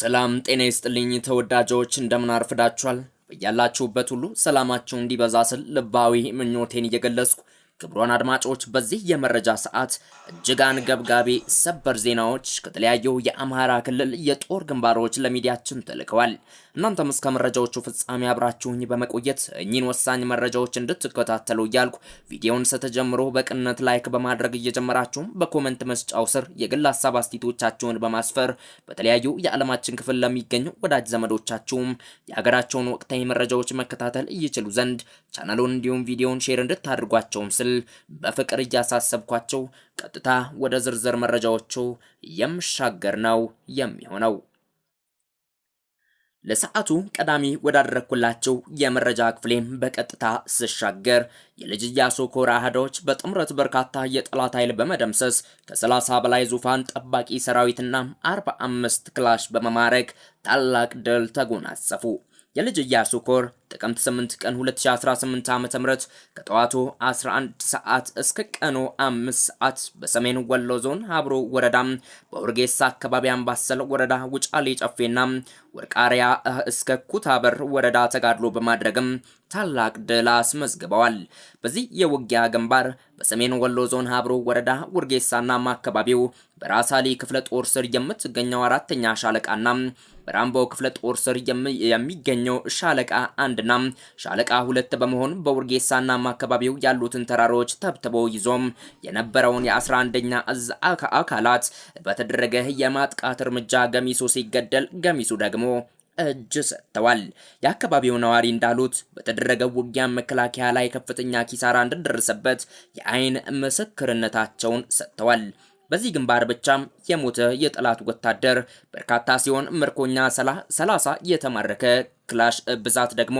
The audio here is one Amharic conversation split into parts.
ሰላም ጤና ይስጥልኝ ተወዳጆች፣ እንደምን አርፍዳችኋል? በያላችሁበት ሁሉ ሰላማችሁ እንዲበዛ ስል ልባዊ ምኞቴን እየገለጽኩ ክቡራን አድማጮች በዚህ የመረጃ ሰዓት እጅግ አንገብጋቢ ሰበር ዜናዎች ከተለያዩ የአማራ ክልል የጦር ግንባሮች ለሚዲያችን ተልከዋል። እናንተም እስከ መረጃዎቹ ፍጻሜ አብራችሁኝ በመቆየት እኚህን ወሳኝ መረጃዎች እንድትከታተሉ እያልኩ ቪዲዮውን ስተጀምሮ በቅነት ላይክ በማድረግ እየጀመራችሁም በኮመንት መስጫው ስር የግል ሀሳብ አስተያየቶቻችሁን በማስፈር በተለያዩ የዓለማችን ክፍል ለሚገኙ ወዳጅ ዘመዶቻችሁም የሀገራቸውን ወቅታዊ መረጃዎች መከታተል እይችሉ ዘንድ ቻናሉን እንዲሁም ቪዲዮውን ሼር እንድታደርጓቸውም ስል በፍቅር እያሳሰብኳቸው ቀጥታ ወደ ዝርዝር መረጃዎቹ የምሻገር ነው የሚሆነው። ለሰዓቱ ቀዳሚ ወዳደረግኩላቸው የመረጃ ክፍሌም በቀጥታ ስሻገር የልጅ ኢያሱ ኮር አህዶች በጥምረት በርካታ የጠላት ኃይል በመደምሰስ ከ30 በላይ ዙፋን ጠባቂ ሰራዊትና 45 ክላሽ በመማረክ ታላቅ ድል ተጎናጸፉ። የልጅ ኢያሱ ኮር ጥቅምት 8 ቀን 2018 ዓ.ም ከጠዋቱ 11 ሰዓት እስከ ቀኑ 5 ሰዓት በሰሜን ወሎ ዞን ሀብሮ ወረዳ በውርጌሳ አካባቢ አምባሰል ወረዳ ውጫሌ ጨፌና ወርቃሪያ እስከ ኩታበር ወረዳ ተጋድሎ በማድረግም ታላቅ ድል አስመዝግበዋል። በዚህ የውጊያ ግንባር በሰሜን ወሎ ዞን ሀብሮ ወረዳ ውርጌሳና አካባቢው በራሳሊ ክፍለ ጦር ስር የምትገኘው አራተኛ ሻለቃና በራምቦ ክፍለ ጦር ስር የሚገኘው ሻለቃ አንድና ሻለቃ ሁለት በመሆን በውርጌሳና አካባቢው ያሉትን ተራሮች ተብትቦ ይዞም የነበረውን የ11ኛ እዝ አካላት በተደረገ የማጥቃት እርምጃ ገሚሱ ሲገደል ገሚሱ ደግሞ እጅ ሰጥተዋል። የአካባቢው ነዋሪ እንዳሉት በተደረገው ውጊያ መከላከያ ላይ ከፍተኛ ኪሳራ እንደደረሰበት የአይን ምስክርነታቸውን ሰጥተዋል። በዚህ ግንባር ብቻም የሞተ የጠላት ወታደር በርካታ ሲሆን ምርኮኛ 30 የተማረከ ክላሽ ብዛት ደግሞ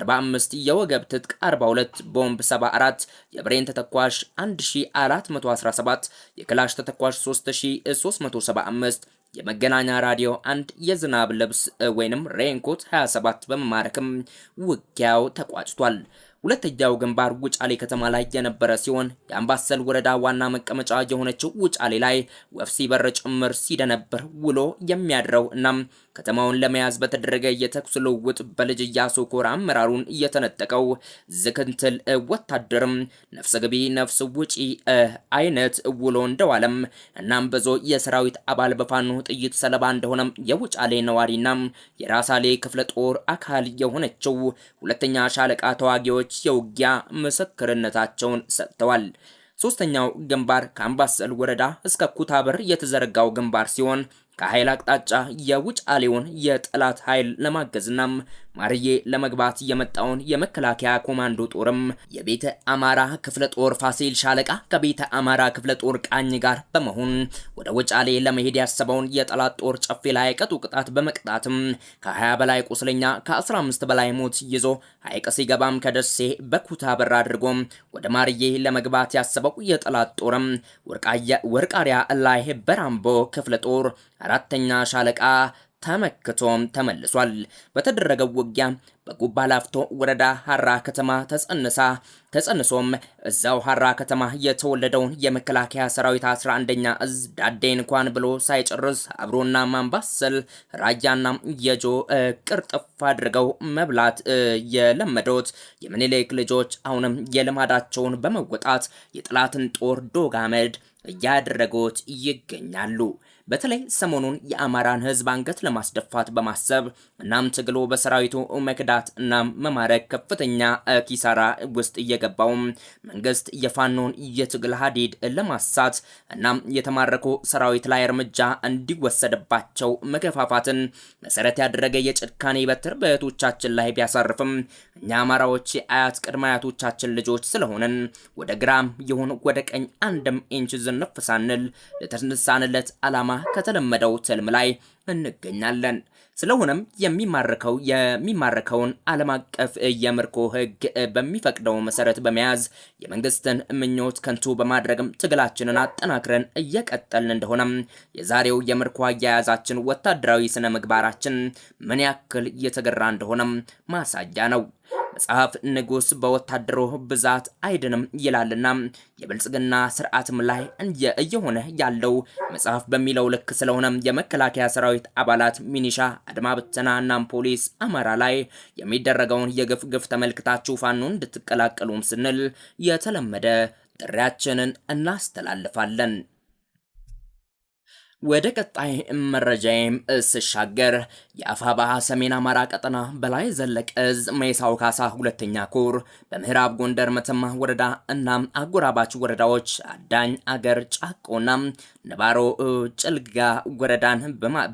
45 የወገብ ትጥቅ 42 ቦምብ 74 የብሬን ተተኳሽ 1417 የክላሽ ተተኳሽ 3375 የመገናኛ ራዲዮ አንድ የዝናብ ልብስ ወይንም ሬንኮት 27 በመማረክም ውጊያው ተቋጭቷል። ሁለተኛው ግንባር ውጫሌ ከተማ ላይ የነበረ ሲሆን የአምባሰል ወረዳ ዋና መቀመጫ የሆነችው ውጫሌ ላይ ወፍ ሲበር ጭምር ሲደነብር ውሎ የሚያድረው እናም ከተማውን ለመያዝ በተደረገ የተኩስ ልውውጥ በልጅ ኢያሱ ኮር አመራሩን እየተነጠቀው ዝክንትል ወታደርም ነፍሰ ግቢ ነፍስ ውጪ አይነት ውሎ እንደዋለም እናም በዞ የሰራዊት አባል በፋኖ ጥይት ሰለባ እንደሆነም የውጫሌ ነዋሪና የራሳሌ ክፍለ ጦር አካል የሆነችው ሁለተኛ ሻለቃ ተዋጊዎች የውጊያ ምስክርነታቸውን ሰጥተዋል። ሶስተኛው ግንባር ከአምባሰል ወረዳ እስከ ኩታበር የተዘረጋው ግንባር ሲሆን ከኃይል አቅጣጫ የውጫሌውን የጠላት ኃይል ለማገዝናም ማርዬ ለመግባት የመጣውን የመከላከያ ኮማንዶ ጦርም የቤተ አማራ ክፍለ ጦር ፋሲል ሻለቃ ከቤተ አማራ ክፍለ ጦር ቃኝ ጋር በመሆን ወደ ውጫሌ ለመሄድ ያሰበውን የጠላት ጦር ጨፌ ላይ ቀጡ ቅጣት በመቅጣትም ከ20 በላይ ቁስለኛ ከ15 በላይ ሞት ይዞ ሀይቅ ሲገባም ከደሴ በኩታ በር አድርጎ ወደ ማርዬ ለመግባት ያሰበው የጠላት ጦርም ወርቃሪያ ላይ በራምቦ ክፍለ ጦር አራተኛ ሻለቃ ተመክቶም ተመልሷል። በተደረገው ውጊያ በጉባ ላፍቶ ወረዳ ሀራ ከተማ ተጸንሳ ተጸንሶም እዛው ሀራ ከተማ የተወለደውን የመከላከያ ሰራዊት 11ኛ እዝ ዳዴ እንኳን ብሎ ሳይጨርስ አብሮና ማንባሰል ራያና የጆ ቅርጥፍ አድርገው መብላት የለመዱት የምኒልክ ልጆች አሁንም የልማዳቸውን በመወጣት የጠላትን ጦር ዶጋመድ አመድ እያደረጉት ይገኛሉ። በተለይ ሰሞኑን የአማራን ህዝብ አንገት ለማስደፋት በማሰብ እናም ትግሉ በሰራዊቱ መክዳት እና መማረክ ከፍተኛ ኪሳራ ውስጥ እየገባው መንግስት የፋኖን የትግል ሀዲድ ለማሳት እናም የተማረኩ ሰራዊት ላይ እርምጃ እንዲወሰድባቸው መገፋፋትን መሰረት ያደረገ የጭካኔ በትር በእህቶቻችን ላይ ቢያሳርፍም እኛ አማራዎች የአያት ቅድመ አያቶቻችን ልጆች ስለሆንን ወደ ግራም ይሁን ወደ ቀኝ አንድም ኢንች ዝንፍ ሳንል ለተነሳንለት ከተለመደው ትልም ላይ እንገኛለን። ስለሆነም የሚማርከው የሚማረከውን ዓለም አቀፍ የምርኮ ሕግ በሚፈቅደው መሰረት በመያዝ የመንግስትን ምኞት ከንቱ በማድረግም ትግላችንን አጠናክረን እየቀጠልን እንደሆነም የዛሬው የምርኮ አያያዛችን ወታደራዊ ስነ ምግባራችን ምን ያክል እየተገራ እንደሆነም ማሳያ ነው። መጽሐፍ ንጉስ በወታደሩ ብዛት አይድንም ይላልና የብልጽግና ስርዓትም ላይ እየሆነ ያለው መጽሐፍ በሚለው ልክ ስለሆነ የመከላከያ ሰራዊት ሰራዊት አባላት ሚኒሻ፣ አድማ ብተና ፖሊስ አማራ ላይ የሚደረገውን የግፍ ግፍ ተመልክታችሁ ፋኖ እንድትቀላቀሉም ስንል የተለመደ ጥሪያችንን እናስተላልፋለን። ወደ ቀጣይ መረጃዬም ስሻገር የአፋባ ሰሜን አማራ ቀጠና በላይ ዘለቀዝ መይሳው ካሳ ሁለተኛ ኩር በምዕራብ ጎንደር መተማ ወረዳ እናም አጎራባች ወረዳዎች አዳኝ አገር ጫቆና ነባሮ ጭልጋ ወረዳን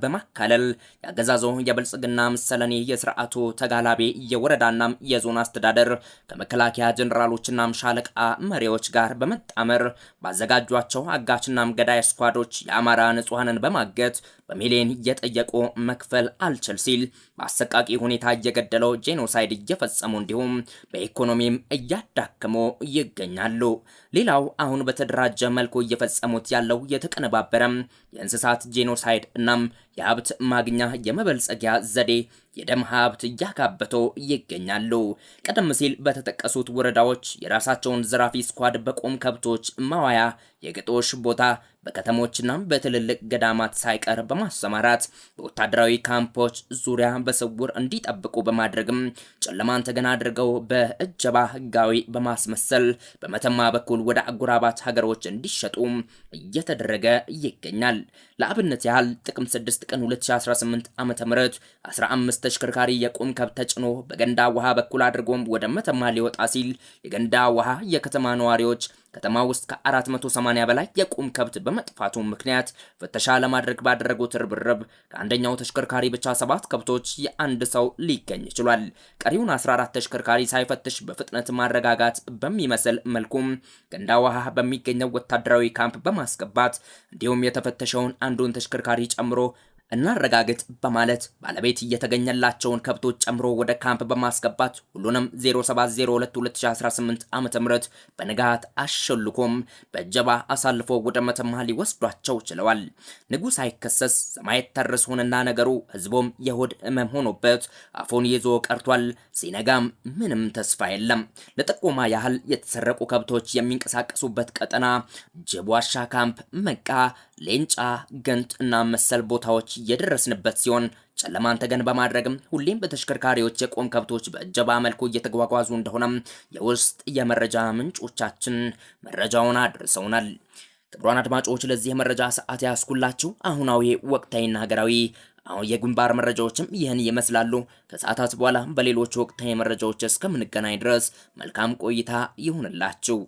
በማካለል የአገዛዞ የብልጽግና ምሰለኔ የስርዓቱ ተጋላቢ የወረዳና የዞን አስተዳደር ከመከላከያ ጀነራሎችና ሻለቃ መሪዎች ጋር በመጣመር ባዘጋጇቸው አጋችና ገዳይ ስኳዶች የአማራ ንጹ ንጹሐንን በማገት በሚሊዮን እየጠየቁ መክፈል አልችል ሲል በአሰቃቂ ሁኔታ እየገደለው ጄኖሳይድ እየፈጸሙ እንዲሁም በኢኮኖሚም እያዳክሙ ይገኛሉ። ሌላው አሁን በተደራጀ መልኩ እየፈጸሙት ያለው የተቀነባበረም የእንስሳት ጄኖሳይድ እናም የሀብት ማግኛ የመበልጸጊያ ዘዴ የደም ሀብት እያካበቶ ይገኛሉ። ቀደም ሲል በተጠቀሱት ወረዳዎች የራሳቸውን ዘራፊ ስኳድ በቁም ከብቶች ማዋያ የግጦሽ ቦታ በከተሞችና በትልልቅ ገዳማት ሳይቀር በማሰማራት በወታደራዊ ካምፖች ዙሪያ በስውር እንዲጠብቁ በማድረግም ጨለማን ተገና አድርገው በእጀባ ህጋዊ በማስመሰል በመተማ በኩል ወደ አጎራባች ሀገሮች እንዲሸጡ እየተደረገ ይገኛል። ለአብነት ያህል ጥቅም 6 ቀን 2018 ዓ.ም 15 ተሽከርካሪ የቁም ከብት ተጭኖ በገንዳ ውሃ በኩል አድርጎም ወደ መተማ ሊወጣ ሲል የገንዳ ውሃ የከተማ ነዋሪዎች ከተማ ውስጥ ከ480 በላይ የቁም ከብት በመጥፋቱም ምክንያት ፍተሻ ለማድረግ ባደረጉት ርብርብ ከአንደኛው ተሽከርካሪ ብቻ ሰባት ከብቶች የአንድ ሰው ሊገኝ ችሏል። ቀሪውን 14 ተሽከርካሪ ሳይፈትሽ በፍጥነት ማረጋጋት በሚመስል መልኩም ገንዳ ውሃ በሚገኘው ወታደራዊ ካምፕ በማስገባት እንዲሁም የተፈተሸውን አንዱን ተሽከርካሪ ጨምሮ እናረጋግጥ በማለት ባለቤት እየተገኘላቸውን ከብቶች ጨምሮ ወደ ካምፕ በማስገባት ሁሉንም 07022018 ዓ ም በንጋት አሸልኮም በእጀባ አሳልፎ ወደ መተማ ሊወስዷቸው ችለዋል። ንጉሥ አይከሰስ ሰማየት ተርስ ነገሩ ህዝቦም የሆድ እመም ሆኖበት አፉን ይዞ ቀርቷል። ሲነጋም ምንም ተስፋ የለም። ለጥቆማ ያህል የተሰረቁ ከብቶች የሚንቀሳቀሱበት ቀጠና ጅብ ዋሻ ካምፕ፣ መቃ፣ ሌንጫ፣ ገንት እና መሰል ቦታዎች የደረስንበት ሲሆን ጨለማን ተገን በማድረግም ሁሌም በተሽከርካሪዎች የቆም ከብቶች በእጀባ መልኩ እየተጓጓዙ እንደሆነም የውስጥ የመረጃ ምንጮቻችን መረጃውን አድርሰውናል። ክቡራን አድማጮች ለዚህ የመረጃ ሰዓት ያስኩላችሁ አሁናዊ ወቅታዊና ሀገራዊ አሁን የግንባር መረጃዎችም ይህን ይመስላሉ። ከሰዓታት በኋላ በሌሎች ወቅታዊ መረጃዎች እስከምንገናኝ ድረስ መልካም ቆይታ ይሁንላችሁ።